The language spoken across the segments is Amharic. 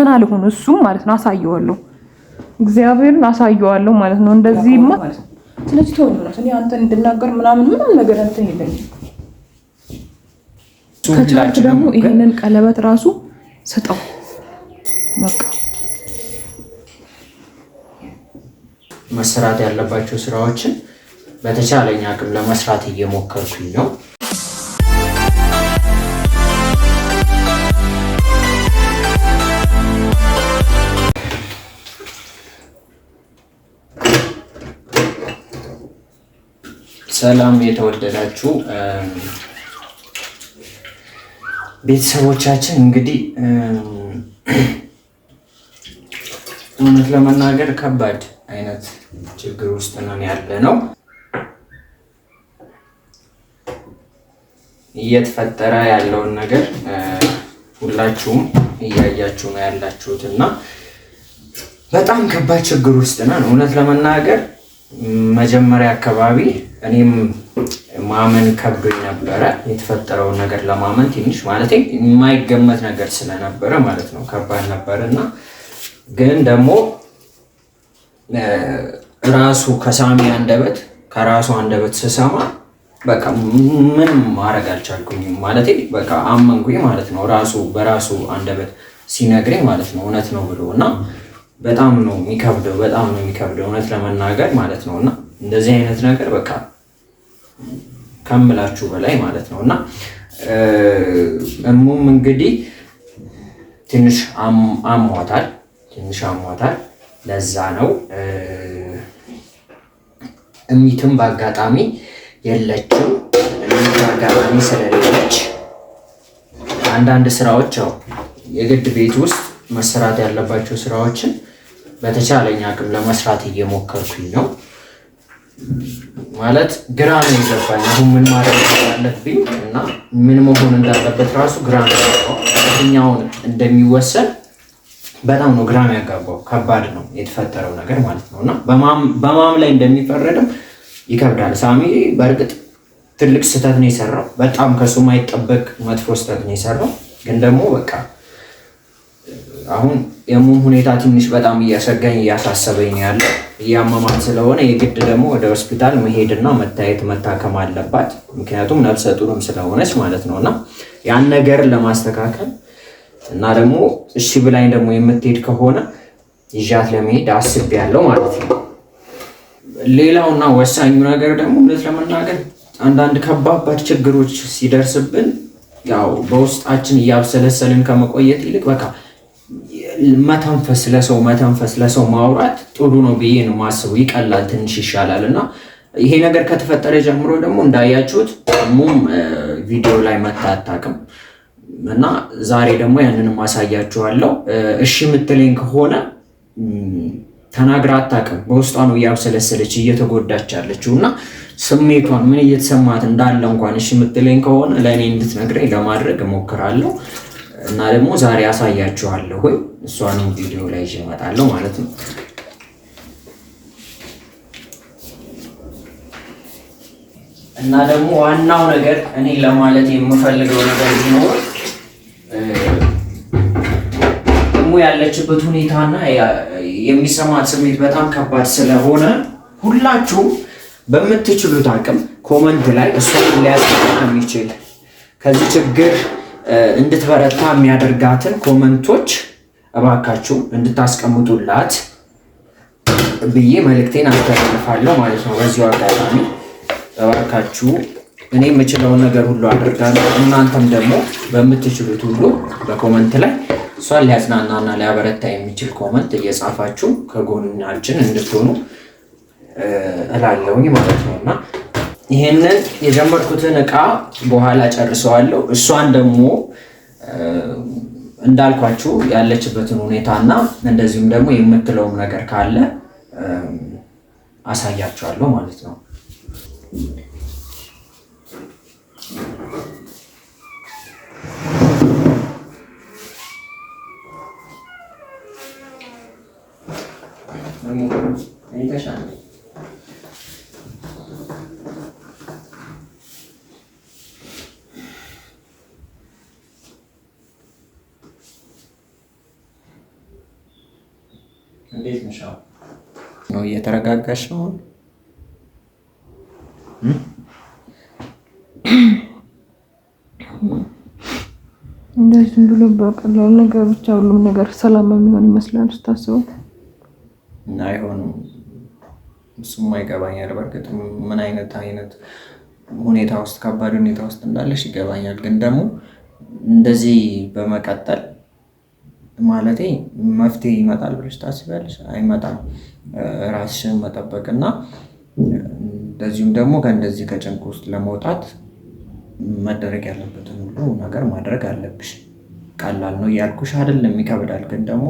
ፈተና ልሆን እሱም ማለት ነው። አሳየዋለሁ፣ እግዚአብሔርን አሳየዋለሁ ማለት ነው። እንደዚህማ ስለዚህ ተወው ነው እኔ እንድናገር ምናምን ምንም ነገር እንትን የለኝም። ከቻልክ ደግሞ ይሄንን ቀለበት ራሱ ስጠው በቃ መሰራት ያለባቸው ስራዎችን በተቻለኝ አቅም ለመስራት እየሞከርኩኝ ነው። ሰላም የተወደዳችሁ ቤተሰቦቻችን፣ እንግዲህ እውነት ለመናገር ከባድ አይነት ችግር ውስጥ ነን ያለ ነው። እየተፈጠረ ያለውን ነገር ሁላችሁም እያያችሁ ነው ያላችሁት እና በጣም ከባድ ችግር ውስጥ ነን እውነት ለመናገር መጀመሪያ አካባቢ እኔም ማመን ከብዶኝ ነበረ። የተፈጠረውን ነገር ለማመን ትንሽ ማለት የማይገመት ነገር ስለነበረ ማለት ነው ከባድ ነበር እና ግን ደግሞ ራሱ ከሳሚ አንደበት ከራሱ አንደበት ስሰማ በቃ ምንም ማድረግ አልቻልኩኝም። ማለት በቃ አመንኩኝ ማለት ነው። ራሱ በራሱ አንደበት ሲነግረኝ ማለት ነው እውነት ነው ብሎ እና በጣም ነው የሚከብደው፣ በጣም ነው የሚከብደው እውነት ለመናገር ማለት ነው እና እንደዚህ አይነት ነገር በቃ ከምላችሁ በላይ ማለት ነው። እና እሙም እንግዲህ ትንሽ አሟታል፣ ትንሽ አሟታል። ለዛ ነው እሚትም በአጋጣሚ የለችም። እሚት በአጋጣሚ ስለሌለች አንዳንድ ስራዎች ያው የግድ ቤት ውስጥ መሰራት ያለባቸው ስራዎችን በተቻለኝ አቅም ለመስራት እየሞከርኩኝ ነው። ማለት ግራ ነው የገባኝ። አሁን ምን ማድረግ እንዳለብኝ እና ምን መሆን እንዳለበት ራሱ ግራ ነው የትኛውን እንደሚወሰድ በጣም ነው ግራም ያጋባው። ከባድ ነው የተፈጠረው ነገር ማለት ነው እና በማም ላይ እንደሚፈረድም ይከብዳል። ሳሚ በእርግጥ ትልቅ ስህተት ነው የሰራው። በጣም ከሱ ማይጠበቅ መጥፎ ስህተት ነው የሰራው። ግን ደግሞ በቃ አሁን የሙም ሁኔታ ትንሽ በጣም እያሰጋኝ እያሳሰበኝ ያለው እያመማት ስለሆነ የግድ ደግሞ ወደ ሆስፒታል መሄድና መታየት መታከም አለባት። ምክንያቱም ነፍሰ ጡርም ስለሆነች ማለት ነው። እና ያን ነገር ለማስተካከል እና ደግሞ እሺ ብላኝ ደግሞ የምትሄድ ከሆነ ይዣት ለመሄድ ያለው ማለት ነው። ሌላውና ወሳኙ ነገር ደግሞ እውነት ለመናገር አንዳንድ ከባባድ ችግሮች ሲደርስብን ያው በውስጣችን እያብሰለሰልን ከመቆየት ይልቅ በቃ መተንፈስ ለሰው መተንፈስ ለሰው ማውራት ጥሩ ነው ብዬ ነው ማስቡ። ይቀላል፣ ትንሽ ይሻላል እና ይሄ ነገር ከተፈጠረ ጀምሮ ደግሞ እንዳያችሁት ሙም ቪዲዮ ላይ መታ አታውቅም እና ዛሬ ደግሞ ያንን አሳያችኋለሁ። እሺ የምትለኝ ከሆነ ተናግራ አታውቅም። በውስጧ ነው እያብሰለሰለች እየተጎዳች ያለችው እና ስሜቷን ምን እየተሰማት እንዳለ እንኳን እሺ የምትለኝ ከሆነ ለእኔ እንድትነግረኝ ለማድረግ እሞክራለሁ። እና ደግሞ ዛሬ አሳያችኋለሁ። እሷንም ቪዲዮ ላይ ይዤ እመጣለሁ ማለት ነው። እና ደግሞ ዋናው ነገር እኔ ለማለት የምፈልገው ነገር ቢኖር ደግሞ ያለችበት ሁኔታና የሚሰማት ስሜት በጣም ከባድ ስለሆነ ሁላችሁም በምትችሉት አቅም ኮመንት ላይ እሷን ሊያስ የሚችል ከዚህ ችግር እንድትበረታ የሚያደርጋትን ኮመንቶች እባካችሁ እንድታስቀምጡላት ብዬ መልእክቴን አስተላልፋለሁ ማለት ነው። በዚሁ አጋጣሚ እባካችሁ እኔ የምችለውን ነገር ሁሉ አድርጋለሁ። እናንተም ደግሞ በምትችሉት ሁሉ በኮመንት ላይ እሷን ሊያጽናናና ሊያበረታ የሚችል ኮመንት እየጻፋችሁ ከጎናችን እንድትሆኑ እላለሁኝ ማለት ነው እና ይሄንን የጀመርኩትን እቃ በኋላ ጨርሰዋለሁ። እሷን ደግሞ እንዳልኳችሁ ያለችበትን ሁኔታ እና እንደዚሁም ደግሞ የምትለውም ነገር ካለ አሳያችኋለሁ ማለት ነው። ተረጋጋሽ ነው እንደዚህ ብሎ በቀላል ነገር ብቻ ሁሉም ነገር ሰላም የሚሆን ይመስላል ስታስቡት። አይሆንም። እሱም ይገባኛል። በእርግጥ ምን አይነት አይነት ሁኔታ ውስጥ ከባድ ሁኔታ ውስጥ እንዳለሽ ይገባኛል። ግን ደግሞ እንደዚህ በመቀጠል ማለቴ መፍትሄ ይመጣል ብለሽ ታስቢያለሽ? አይመጣም። ራስሽን መጠበቅ እና እንደዚሁም ደግሞ ከእንደዚህ ከጭንቅ ውስጥ ለመውጣት መደረግ ያለበትን ሁሉ ነገር ማድረግ አለብሽ። ቀላል ነው እያልኩሽ አይደለም፣ ይከብዳል። ግን ደግሞ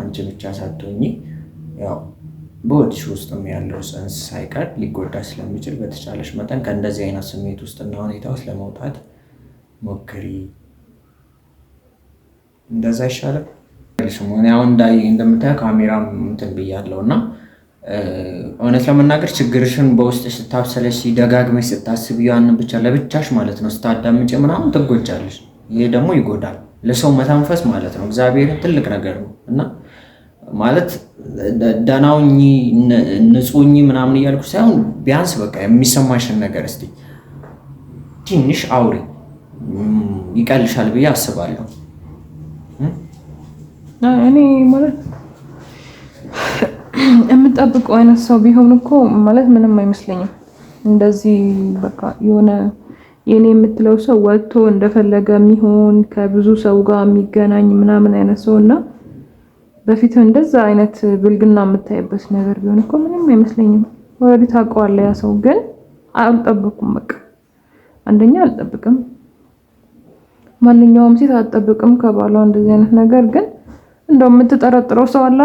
አንቺ ብቻ ሳትሆኚ ያው በወዲሽ ውስጥም ያለው ጽንስ ሳይቀር ሊጎዳ ስለሚችል በተቻለሽ መጠን ከእንደዚህ አይነት ስሜት ውስጥና ሁኔታ ውስጥ ለመውጣት ሞክሪ። እንደዛ አይሻልም? አሁን እንዳይ እንደምታየው ካሜራ እንትን ብያለው እና እውነት ለመናገር ችግርሽን በውስጥ ስታብሰለሽ ደጋግመሽ ስታስብ ያንን ብቻ ለብቻሽ ማለት ነው ስታዳምጭ ምናምን ትጎጃለሽ። ይሄ ደግሞ ይጎዳል፣ ለሰው መተንፈስ ማለት ነው። እግዚአብሔር ትልቅ ነገር ነው እና ማለት ደናውኝ ንጹኝ ምናምን እያልኩ ሳይሆን ቢያንስ በቃ የሚሰማሽን ነገር እስቲ ትንሽ አውሪ፣ ይቀልሻል ብዬ አስባለሁ። እኔ ማለት የምጠብቀው አይነት ሰው ቢሆን እኮ ማለት ምንም አይመስለኝም። እንደዚህ በቃ የሆነ የኔ የምትለው ሰው ወጥቶ እንደፈለገ የሚሆን ከብዙ ሰው ጋር የሚገናኝ ምናምን አይነት ሰው እና በፊት እንደዛ አይነት ብልግና የምታይበት ነገር ቢሆን እኮ ምንም አይመስለኝም። ወረዲ ታውቀዋለህ ያ ሰው ግን አልጠበቁም በቃ አንደኛ አልጠብቅም ማንኛውም ሴት አትጠብቅም ከባሏ እንደዚህ አይነት ነገር። ግን እንደው የምትጠረጥረው ሰው አለ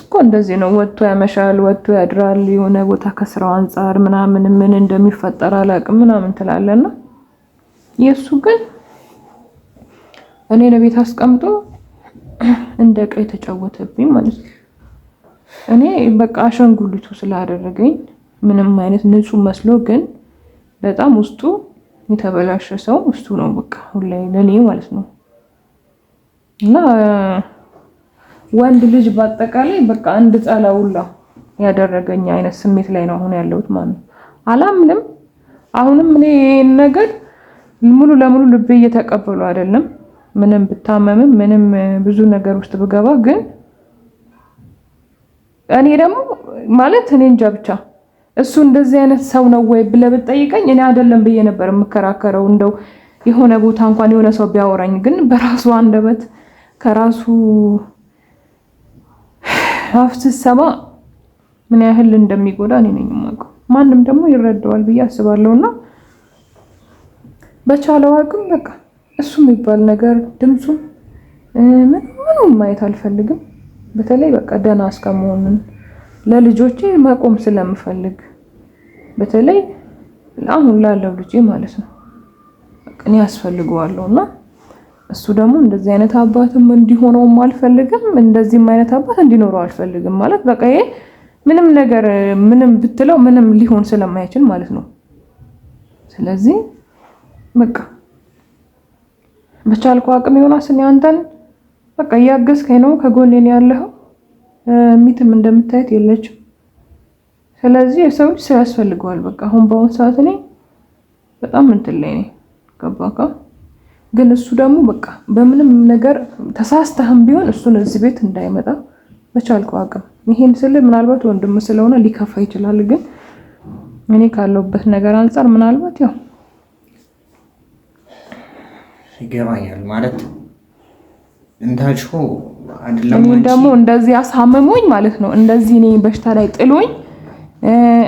እኮ እንደዚህ ነው። ወጥቶ ያመሻል፣ ወጥቶ ያድራል። የሆነ ቦታ ከስራው አንጻር ምናምን ምን እንደሚፈጠር አላውቅም ምናምን ትላለና የእሱ ግን እኔ ለቤት አስቀምጦ እንደ ዕቃ የተጫወተብኝ ማለት ነው። እኔ በቃ አሸንጉሊቱ ስላደረገኝ ምንም አይነት ንጹህ መስሎ ግን በጣም ውስጡ የተበላሸ ሰው እሱ ነው በቃ ላይ ለኔ ማለት ነው። እና ወንድ ልጅ በአጠቃላይ በቃ አንድ ጸላውላ ያደረገኝ አይነት ስሜት ላይ ነው አሁን ያለሁት ማለት ነው። አላምንም። አሁንም እኔ ይሄን ነገር ሙሉ ለሙሉ ልቤ እየተቀበሉ አይደለም። ምንም ብታመምም ምንም ብዙ ነገር ውስጥ ብገባ ግን እኔ ደግሞ ማለት እኔ እንጃ ብቻ እሱ እንደዚህ አይነት ሰው ነው ወይ ብለህ ብትጠይቀኝ እኔ አይደለም ብዬ ነበር የምከራከረው። እንደው የሆነ ቦታ እንኳን የሆነ ሰው ቢያወራኝ፣ ግን በራሱ አንደበት ከራሱ አፍ ስትሰማ ምን ያህል እንደሚጎዳ እኔ ነኝ የማውቀው። ማንም ደግሞ ይረዳዋል ብዬ አስባለሁ። እና በቻለው አቅም በቃ እሱ የሚባል ነገር ድምፁም ምኑም ማየት አልፈልግም። በተለይ በቃ ደህና እስከመሆኑን ለልጆቼ መቆም ስለምፈልግ በተለይ አሁን ላለው ልጄ ማለት ነው እኔ ያስፈልገዋለሁ እና እሱ ደግሞ እንደዚህ አይነት አባትም እንዲሆነውም አልፈልግም፣ እንደዚህም አይነት አባት እንዲኖረው አልፈልግም። ማለት በቃ ይሄ ምንም ነገር ምንም ብትለው ምንም ሊሆን ስለማይችል ማለት ነው። ስለዚህ በቃ በቻልኩ አቅም ዮናስ እኔ አንተን በቃ እያገዝከኝ ነው፣ ከጎኔ ያለኸው ሚትም እንደምታየት የለችም። ስለዚህ የሰው ልጅ ስራ ያስፈልገዋል። በቃ አሁን በአሁን ሰዓት እኔ በጣም እንትን ላይ ነኝ። ገባካ? ግን እሱ ደግሞ በቃ በምንም ነገር ተሳስተህም ቢሆን እሱን እዚህ ቤት እንዳይመጣ በቻልኩ አቅም ይሄን ስል ምናልባት ወንድም ስለሆነ ሊከፋ ይችላል። ግን እኔ ካለውበት ነገር አንጻር ምናልባት ያው ይገባኛል ማለት እንዳልሽው አይደለም። እኔ ደግሞ እንደዚህ አሳምሞኝ ማለት ነው እንደዚህ እኔ በሽታ ላይ ጥሎኝ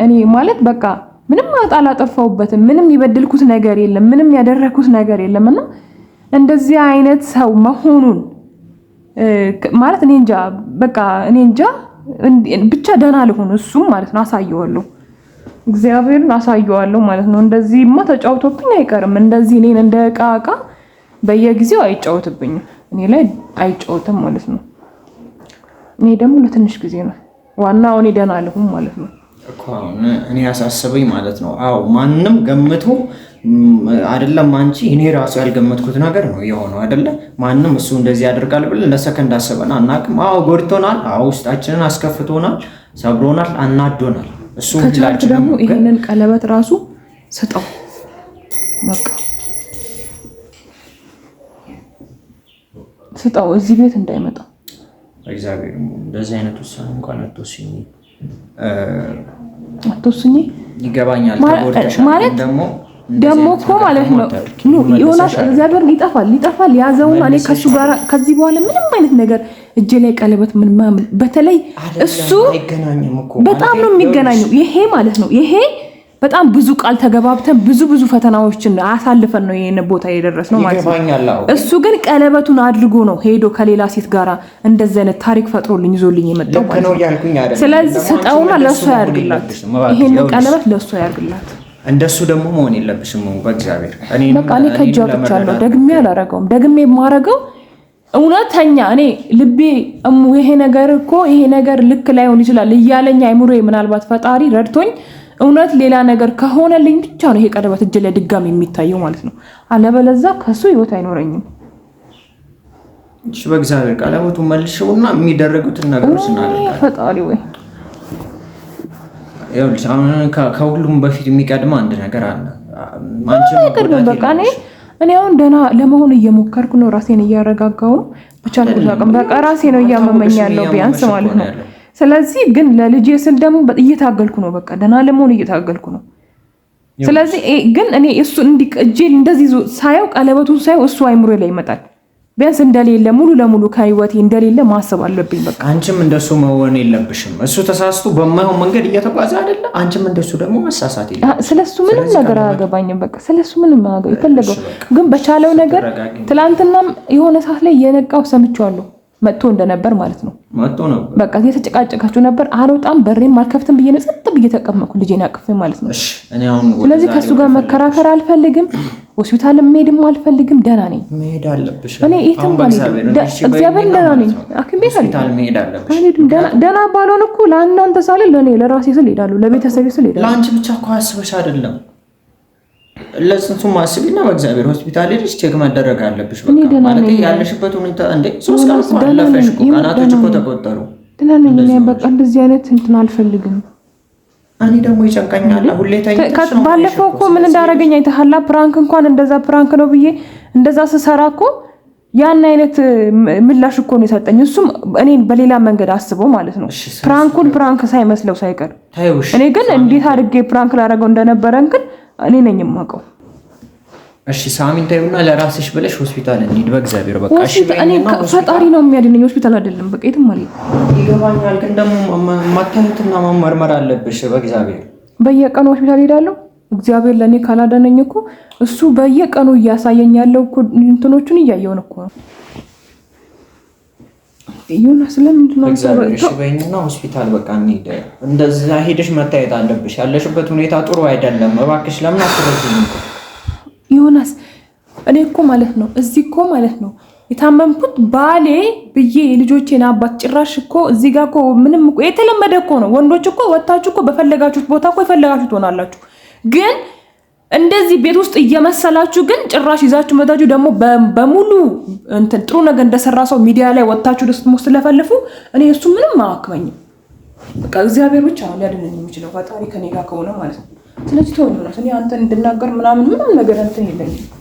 እኔ ማለት በቃ ምንም አላጠፋሁበትም፣ ምንም የበደልኩት ነገር የለም፣ ምንም ያደረኩት ነገር የለም። እና እንደዚህ አይነት ሰው መሆኑን ማለት እኔ እንጃ በቃ እኔ እንጃ ብቻ ደህና ልሆን እሱም ማለት ነው አሳየዋለሁ፣ እግዚአብሔርን አሳየዋለሁ ማለት ነው። እንደዚህማ ተጫውቶብኝ አይቀርም። እንደዚህ እኔን እንደ በየጊዜው አይጫወትብኝም። እኔ ላይ አይጫወትም ማለት ነው። እኔ ደግሞ ለትንሽ ጊዜ ነው ዋና እኔ ደህና አልሁም ማለት ነው። እኔ ያሳሰበኝ ማለት ነው። አዎ ማንም ገምቶ አይደለም አንቺ፣ እኔ ራሱ ያልገመትኩት ነገር ነው የሆነው። አይደለ ማንም እሱ እንደዚህ ያደርጋል ብለን ለሰከንድ አስበን አናውቅም። አዎ ጎድቶናል፣ አዎ ውስጣችንን አስከፍቶናል፣ ሰብሮናል፣ አናዶናል። እሱ ከቻልክ ደግሞ ይህንን ቀለበት ራሱ ስጠው በቃ ስጣው፣ እዚህ ቤት እንዳይመጣ። እግዚአብሔር እንደዚህ አይነት ውሳኔ እንኳን አትወስኝ አትወስኝ። ይገባኛል ማለት ደግሞ ደግሞ እኮ ማለት ነው ዮናስ እግዚአብሔር ይጠፋል ይጠፋል ያዘውን እኔ ከሱ ጋር ከዚህ በኋላ ምንም አይነት ነገር እጄ ላይ ቀለበት ምን ማምን፣ በተለይ እሱ በጣም ነው የሚገናኘው። ይሄ ማለት ነው ይሄ በጣም ብዙ ቃል ተገባብተን ብዙ ብዙ ፈተናዎችን አሳልፈን ነው ይህን ቦታ የደረስ ነው ማለት ነው። እሱ ግን ቀለበቱን አድርጎ ነው ሄዶ ከሌላ ሴት ጋራ እንደዚህ አይነት ታሪክ ፈጥሮልኝ ይዞልኝ የመጣው ማለት ነው። ስለዚህ ስጠውና ለእሱ ያርግላት፣ ይህን ቀለበት ለእሱ ያርግላት። እንደሱ ደግሞ መሆን የለብሽም በእግዚአብሔር። በቃ እኔ ከእጅ አውጥቻለሁ፣ ደግሜ አላረገውም። ደግሜ የማረገው እውነተኛ እኔ ልቤ እሙ ይሄ ነገር እኮ ይሄ ነገር ልክ ላይሆን ይችላል እያለኝ አይምሮ ምናልባት ፈጣሪ ረድቶኝ እውነት ሌላ ነገር ከሆነልኝ ብቻ ነው ይሄ ቀለበት እጅ ላይ ድጋሚ የሚታየው ማለት ነው። አለበለዛ ከሱ ህይወት አይኖረኝም። እሺ በእግዚአብሔር ቀለበቱን መልሽውና የሚደረጉትን ነገሮች እናደርጋለን። ፈጣሪ ወይ ከሁሉም በፊት የሚቀድመ አንድ ነገር አለ። አይቀድምም። በቃ እኔ እኔ አሁን ደህና ለመሆን እየሞከርኩ ነው። ራሴን እያረጋጋው ነው። ብቻ በቃ ራሴ ነው እያመመኝ ያለው ቢያንስ ማለት ነው ስለዚህ ግን ለልጄ ስል ደግሞ እየታገልኩ ነው። በቃ ደህና ለመሆን እየታገልኩ ነው። ስለዚህ ግን እኔ እሱ እንዲቀጅ እንደዚህ ሳየው ቀለበቱን ሳየው እሱ አይምሮ ላይ ይመጣል። ቢያንስ እንደሌለ ሙሉ ለሙሉ ከህይወቴ እንደሌለ ማሰብ አለብኝ። በቃ አንቺም እንደሱ መሆን የለብሽም። እሱ ተሳስቶ በማይሆን መንገድ እየተጓዘ አይደለ? አንቺም እንደሱ ደግሞ መሳሳት የለ። ስለሱ ምንም ነገር አያገባኝም። በቃ ስለሱ ምንም የፈለገው ግን በቻለው ነገር ትላንትናም የሆነ ሰዓት ላይ የነቃው ሰምቼዋለሁ መጥቶ እንደነበር ማለት ነው። መጥቶ ነበር። በቃ እየተጨቃጨቃችሁ ነበር። አልወጣም በሬም አልከፍትም ብዬ ነው ጸጥ ብዬ ተቀመጥኩ፣ ልጄን አቅፌ ማለት ነው። ስለዚህ ከእሱ ጋር መከራከር አልፈልግም፣ ሆስፒታል መሄድም አልፈልግም። ደህና ነኝ። መሄድ አለብሽ። እኔ የትም እግዚአብሔር ደህና ነኝ። ሐኪም ቤት ደህና ባልሆን እኮ ለእናንተ ሳልል ለእኔ ለራሴ ስል እሄዳለሁ፣ ለቤተሰቤ ስል እሄዳለሁ። ለአንቺ ብቻ እኮ አስበሽ አይደለም ለጽንሱ ማስቢና በእግዚአብሔር ሆስፒታል ሄደሽ ቼክ መደረግ አለብሽ። ማለት ያለሽበት ሁኔታ ሶስት ቀን እኮ አለፈሽ እኮ ቀናቶች እኮ ተቆጠሩ። በቃ እንደዚህ አይነት እንትን አልፈልግም። እኔ ደግሞ ይጨንቀኛል። ባለፈው እኮ ምን እንዳደረገኝ አይተሃል። ፕራንክ እንኳን እንደዛ ፕራንክ ነው ብዬ እንደዛ ስሰራ እኮ ያን አይነት ምላሽ እኮ ነው የሰጠኝ። እሱም እኔን በሌላ መንገድ አስቦ ማለት ነው ፕራንኩን ፕራንክ ሳይመስለው ሳይቀር እኔ ግን እንዴት አድርጌ ፕራንክ ላደረገው እንደነበረን ግን እኔ ነኝ የማውቀው። እሺ ሳሚን ታዩና ለራስሽ ብለሽ ሆስፒታል እንሂድ። በእግዚአብሔር በቃ እሺ፣ እኔ ፈጣሪ ነው የሚያድነኝ፣ ሆስፒታል አይደለም። በቃ የትም አልሄድም። ይገባኛል፣ ግን ደግሞ ማታየትና መመርመር አለብሽ። በእግዚአብሔር በየቀኑ ሆስፒታል እሄዳለሁ። እግዚአብሔር ለእኔ ካላዳነኝ እኮ እሱ በየቀኑ እያሳየኝ ያለው እንትኖቹን እያየውን እኮ ነው ዮናስ ለምንድን ነው ሆስፒታል? በቃ እንሂድ። እንደዛ ሄደሽ መታየት አለብሽ። ያለሽበት ሁኔታ ጥሩ አይደለም። እባክሽ ለምን አትረጅም? ዮናስ እኔ እኮ ማለት ነው እዚህ እኮ ማለት ነው የታመምኩት ባሌ ብዬ የልጆቼን አባት ጭራሽ እኮ እዚህ ጋር እኮ ምንም የተለመደ እኮ ነው። ወንዶች እኮ ወታችሁ እኮ በፈለጋችሁት ቦታ እኮ የፈለጋችሁ ትሆናላችሁ ግን እንደዚህ ቤት ውስጥ እየመሰላችሁ ግን ጭራሽ ይዛችሁ መታችሁ ደግሞ በሙሉ እንትን ጥሩ ነገር እንደሰራ ሰው ሚዲያ ላይ ወጥታችሁ ደስሞ ስለፈልፉ እኔ እሱ ምንም አያክመኝም። በቃ እግዚአብሔር ብቻ ነው ሊያድነኝ የሚችለው ፈጣሪ ከኔ ጋር ከሆነ ማለት ነው። ስለዚህ ተወኝ ሆነ እኔ አንተን እንድናገር ምናምን ምንም ነገር እንትን የለኝም።